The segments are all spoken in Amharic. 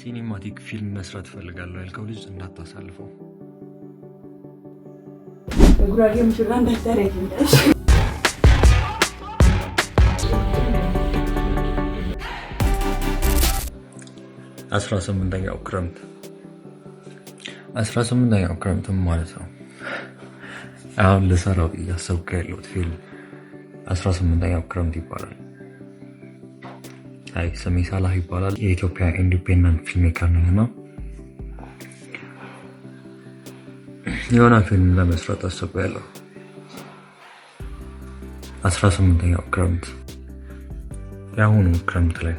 ሲኒማቲክ ፊልም መስራት እፈልጋለሁ ያልከው ልጅ እንዳታሳልፈው። ጉራጌ ሙሽራ እንዳታረጊ። አስራ ስምንተኛው ክረምት አስራ ስምንተኛው ክረምትም ማለት ነው። አሁን ልሰራው እያሰብኩ ያለሁት ፊልም አስራ ስምንተኛው ክረምት ይባላል። አይ ስሜ ሳላህ ይባላል። የኢትዮጵያ ኢንዲፔንደንት ፊልም ሜከር ነኝ እና የሆነ ፊልም ለመስራት ያለው 18ኛው ክረምት የአሁኑ ክረምት ላይ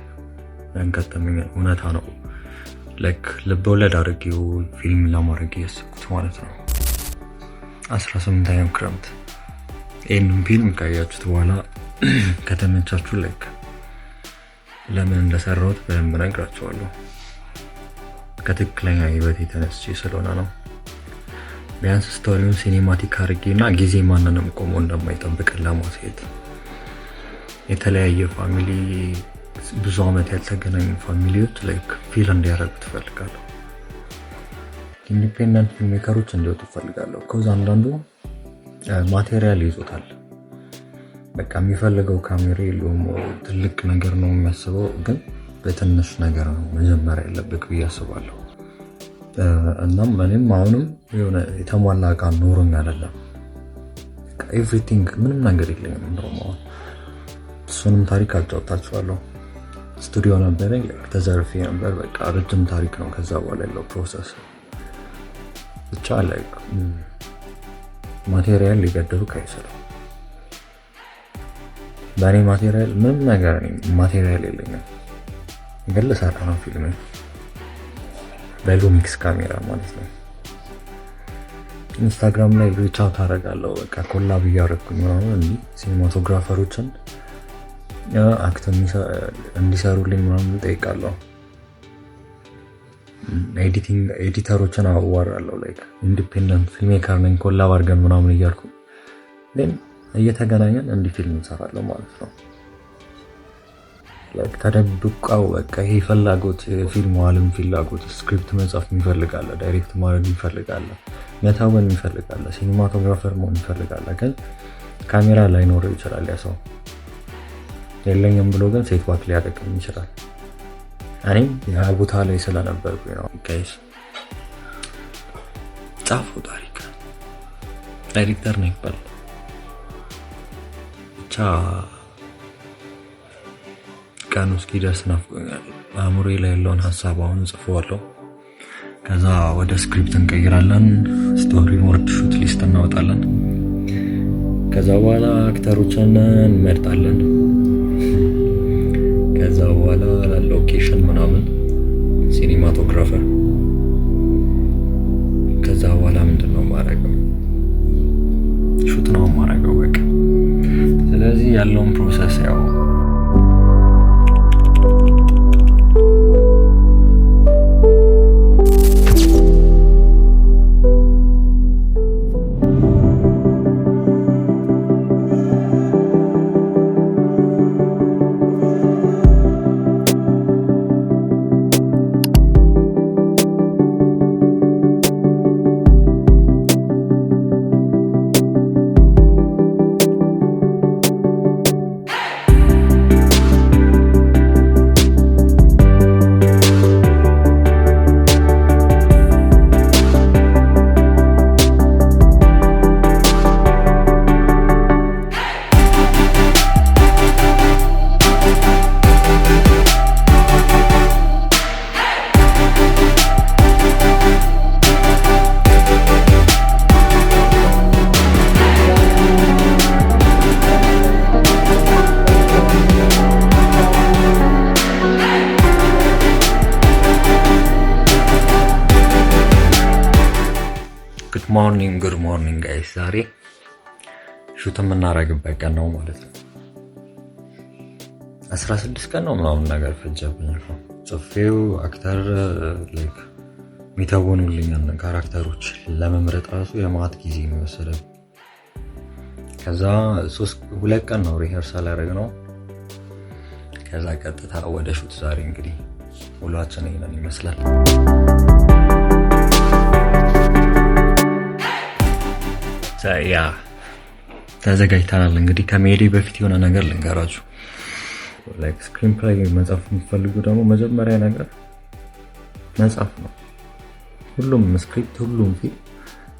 ያጋጠመኝ እውነታ ነው። ላይክ ልበወለድ አድርጌው ፊልም ለማድረግ እያሰብኩት ማለት ነው። 18ኛው ክረምት ይህንም ፊልም ካያችሁት በኋላ ከተመቻችሁ ላይክ ለምን እንደሰራሁት በደንብ ነግራቸዋለሁ። ከትክክለኛ ህይወት የተነስቼ ስለሆነ ነው። ቢያንስ ስቶሪውን ሲኔማቲክ እና ጊዜ ማንንም ቆሞ እንደማይጠብቅን ለማሳየት የተለያየ ፋሚሊ ብዙ አመት ያልተገናኙ ፋሚሊዎች ላይክ ፊል እንዲያደርጉ ትፈልጋለሁ። ኢንዲፔንደንት ፊልሜከሮች እንዲወጡ ትፈልጋለሁ። ከዛ አንዳንዱ ማቴሪያል ይዞታል በቃ የሚፈልገው ካሜራ የለውም። ትልቅ ነገር ነው የሚያስበው፣ ግን በትንሽ ነገር ነው መጀመር ያለብህ ብዬ አስባለሁ። እናም እኔም አሁንም የሆነ የተሟላ እቃ ኖሮኝ አይደለም። ኤቭሪቲንግ ምንም ነገር የለኝም። እንደውም አሁን እሱንም ታሪክ አጫውታችኋለሁ። ስቱዲዮ ነበረኝ ተዘርፌ ነበር። በቃ ረጅም ታሪክ ነው ከዛ በኋላ ያለው ፕሮሰስ ብቻ ላይ ማቴሪያል ሊገድብህ አይችልም። በእኔ ማቴሪያል ምንም ነገር ማቴሪያል የለኝም፣ ግን ልሰራ ነው ፊልም በሉሚክስ ካሜራ ማለት ነው። ኢንስታግራም ላይ ብቻ አውት በቃ ኮላብ እያደረግኩ ምናምን እንዲህ ሲኒማቶግራፈሮችን አክት እንዲሰሩልኝ ምናምን ጠይቃለሁ። ኤዲተሮችን አዋራለሁ። ኢንዲፔንደንት ፊልሜከር ነኝ ኮላብ አድርገን ምናምን እያልኩ እየተገናኘን እንዲህ ፊልም እንሰራለን ማለት ነው። ተደብቃው በቃ ይሄ ፍላጎት ፊልም አለም ፍላጎት ስክሪፕት መጻፍ ይፈልጋለ፣ ዳይሬክት ማድረግ ይፈልጋለ፣ መታወን ይፈልጋለ፣ ሲኒማቶግራፈር መሆን ይፈልጋለ። ግን ካሜራ ላይኖረው ይችላል። ያ ሰው የለኝም ብሎ ግን ሴት ዋክ ሊያጠቅም ይችላል። እኔም ያ ቦታ ላይ ስለነበርኩ ነው። ጋይስ ጻፉ ታሪክ ዳይሬክተር ነው ይባላል። ብቻ ቀኑ እስኪደርስ ናፍቆኛል። አእምሮዬ ላይ ያለውን ሀሳብ አሁን ጽፈዋለሁ። ከዛ ወደ ስክሪፕት እንቀይራለን። ስቶሪ ቦርድ ሹት ሊስት እናወጣለን። ከዛ በኋላ አክተሮችን እንመርጣለን። ከዛ በኋላ ሎኬሽን ምናምን ሲኒማቶግራፈር long process है वो ሞርኒንግ ጉድ ሞርኒንግ ጋይስ፣ ዛሬ ሹት የምናረግበት ቀን ነው ማለት ነው። 16 ቀን ነው ምናምን ነገር ፈጀብኝ እኮ ጽፌው አክተር ላይክ የሚተወኑልኛን ካራክተሮች ለመምረጥ ራሱ የማት ጊዜ ነው የወሰደብኝ። ከዛ ሁለት ቀን ነው ሪሄርሳል ነው ከዛ ቀጥታ ወደ ሹት ዛሬ እንግዲህ ውሏችን ይሄንን ይመስላል። ያ ተዘጋጅተናል። እንግዲህ ከመሄዴ በፊት የሆነ ነገር ልንገራችሁ። ስክሪን ፕላይ መጻፍ የሚፈልጉ ደግሞ መጀመሪያ ነገር መጻፍ ነው። ሁሉም ስክሪፕት፣ ሁሉም ፊልም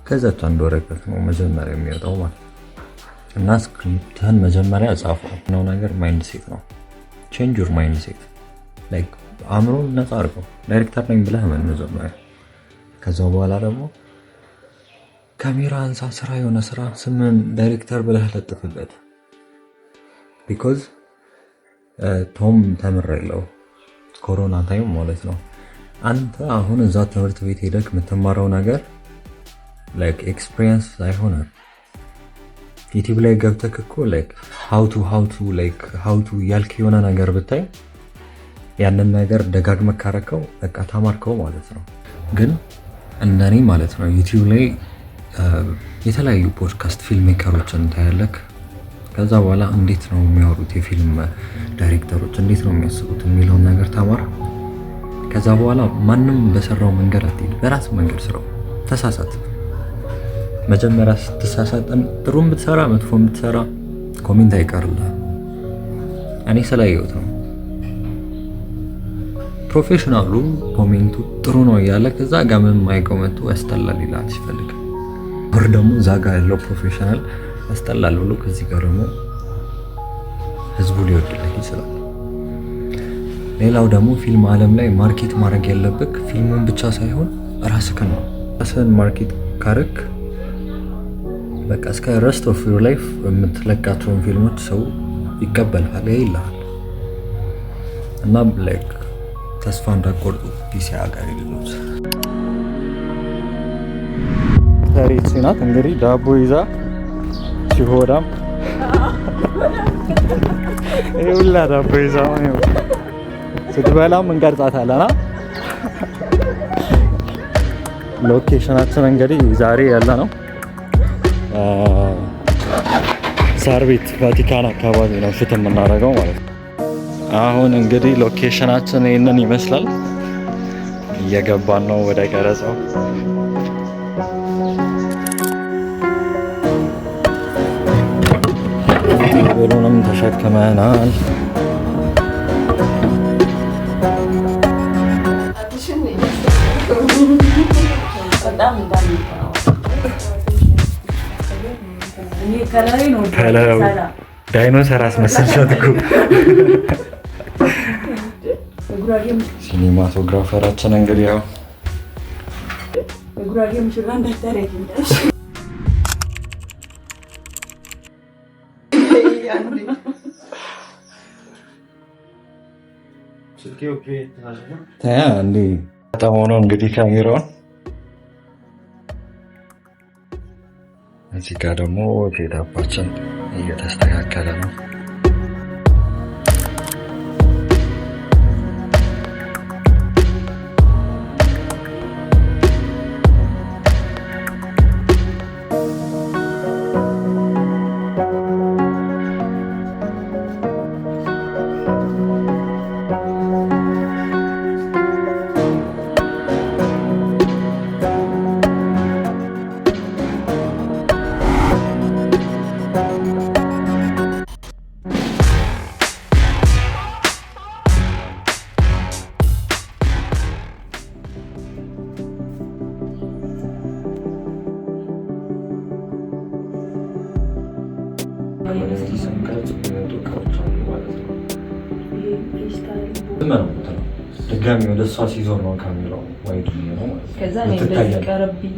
ከዛች አንድ ወረቀት ነው መጀመሪያ የሚወጣው ማለት እና ስክሪፕትህን መጀመሪያ ጻፈው ነው ነገር ማይንድሴት ነው። ቼንጅ ዩር ማይንድ ሴት ላይክ አእምሮን ነፃ አድርገው። ዳይሬክተር ነኝ ብለህ መን መጀመሪያ ከዛ በኋላ ደግሞ ካሜራ አንሳ ስራ የሆነ ስራ ስምን ዳይሬክተር ብለህ ለጥፍበት። ቢኮዝ ቶም ተምር ኮሮና ታይም ማለት ነው። አንተ አሁን እዛ ትምህርት ቤት ሄደክ የምትማረው ነገር ላይክ ኤክስፒሪየንስ አይሆንም። ዩቲብ ላይ ገብተክ እኮ ላይክ ሃውቱ ላይክ ያልክ የሆነ ነገር ብታይ ያንን ነገር ደጋግመህ ካረከው በቃ ተማርከው ማለት ነው። ግን እንደኔ ማለት ነው ዩቲብ ላይ የተለያዩ ፖድካስት ፊልም ሜከሮችን ታያለክ። ከዛ በኋላ እንዴት ነው የሚያወሩት የፊልም ዳይሬክተሮች እንዴት ነው የሚያስቡት የሚለውን ነገር ተማር። ከዛ በኋላ ማንም በሰራው መንገድ አትሄድ፣ በራስ መንገድ ስራው። ተሳሳት። መጀመሪያ ስትሳሳት ጥሩም ብትሰራ መጥፎም ብትሰራ ኮሜንት አይቀርልህ። እኔ ስላየሁት ነው። ፕሮፌሽናሉ ኮሜንቱ ጥሩ ነው እያለ ከዛ ጋር ምንም አይቀው መጥቶ ያስጠላል ይላል ሲፈልግ ብር ደግሞ እዛ ጋር ያለው ፕሮፌሽናል ያስጠላል ብሎ ከዚህ ጋር ደግሞ ህዝቡ ሊወድልህ ይችላል። ሌላው ደግሞ ፊልም አለም ላይ ማርኬት ማድረግ ያለብህ ፊልሙን ብቻ ሳይሆን ራስህን ነው። ራስህን ማርኬት ካረክ በቃ እስከ ረስት ኦፍ ዩር ላይፍ የምትለቃቸውን ፊልሞች ሰው ይቀበልሃል፣ ይልሃል። እና ላይክ ተስፋ እንዳቆርጡ ፒሲ አጋሪ ይሉት ተሪት ናት። እንግዲህ ዳቦ ይዛ ሲሆዳም ይሁላ ዳቦ ይዛ ስትበላም እንቀርጻታለና ሎኬሽናችን እንግዲህ ዛሬ ያለ ነው ሳር ቤት ቫቲካን አካባቢ ነው ሹት የምናደርገው ማለት ነው። አሁን እንግዲህ ሎኬሽናችን ይህንን ይመስላል። እየገባን ነው ወደ ቀረጻው ተሸክመናል። ዳይኖሰር አስመሰልሻት እኮ። ሲኒማቶግራፈራችን እንግዲህ ያው በጣም ሆኖ እንግዲህ ካሜራውን እዚህ ጋር ደግሞ ሴታፓችን እየተስተካከለ ነው። እሷ ሲዞ ነው ካሜራው ዋይድ ነው። ከዛ እንደዚህ ቀረብ ብዬ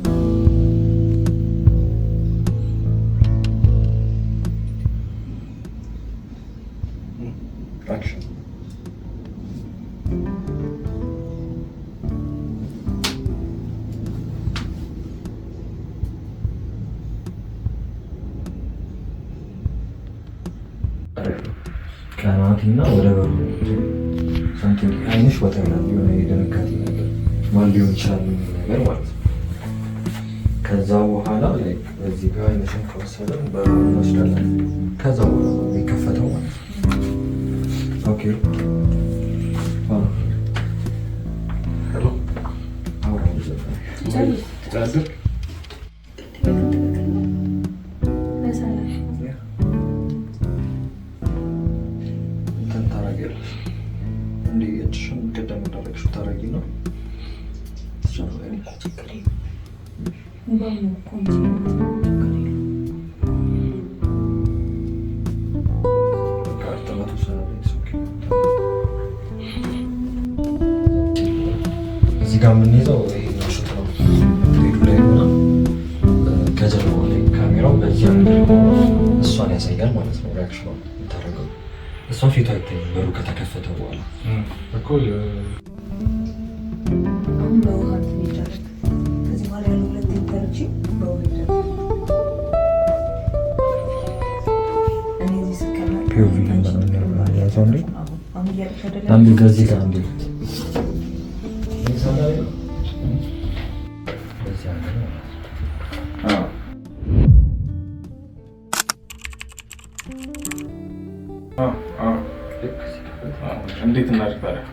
ቀናትና ወደ በሩ ሰምቲንግ አይንሽ ወጣ ይላል። የሆነ የድንጋጤ ነገር ማን ሊሆን ይችላል ነገር ማለት ነው። ከዛ በኋላ በዚህ ጋር አይነሽን ከወሰደ በሩ እንወስዳለን። ከዛ በኋላ የሚከፈተው ማለት ነው። ኦኬ 너무 꼼지 ጋ የምንይዘው ይሄ ላይ ሆና ከጀርባ ላይ ካሜራው በዚህ እሷን ያሳያል ማለት ነው። ሪያክሽኗ የምታደርገው እሷ ፊቷ አይታይም በሩ ከተከፈተ በኋላ ነው እንዴ? አንዴ ከዚህ ጋር እንዴት እናድርጋለን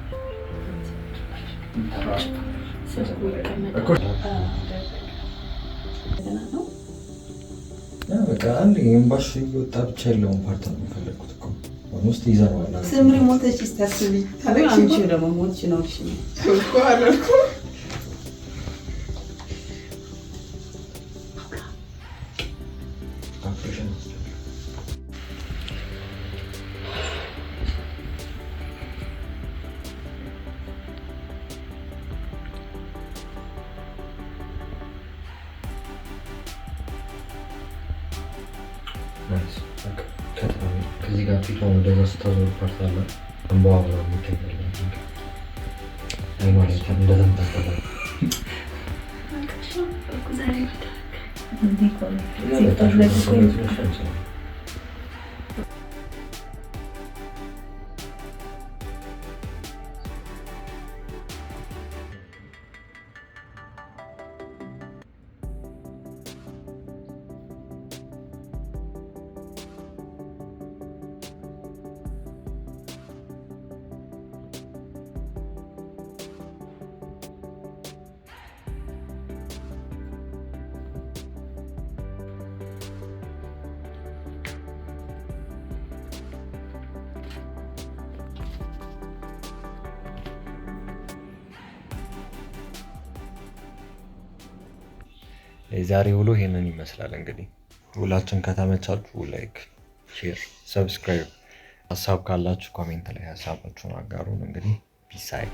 በቃ አንድ እምባሽ እየወጣ ብቻ ያለውን ፓርት ነው የሚፈለግኩት። nu strizăm la Să mri multe și stea să vii. Nu am ce rămân mult și n-au și mine. Să-l coară. Am ወደዛ ስታዞር ፓርት አለ እንበዋ ብላ የሚገኛለ ሃይማኖት እንደዛ ታስበላ ዛሬ የዛሬ ውሎ ይሄንን ይመስላል። እንግዲህ ውላችን ከተመቻችሁ ላይክ፣ ሼር፣ ሰብስክራይብ፣ ሀሳብ ካላችሁ ኮሜንት ላይ ሀሳባችሁን አጋሩን። እንግዲህ ቢሳይ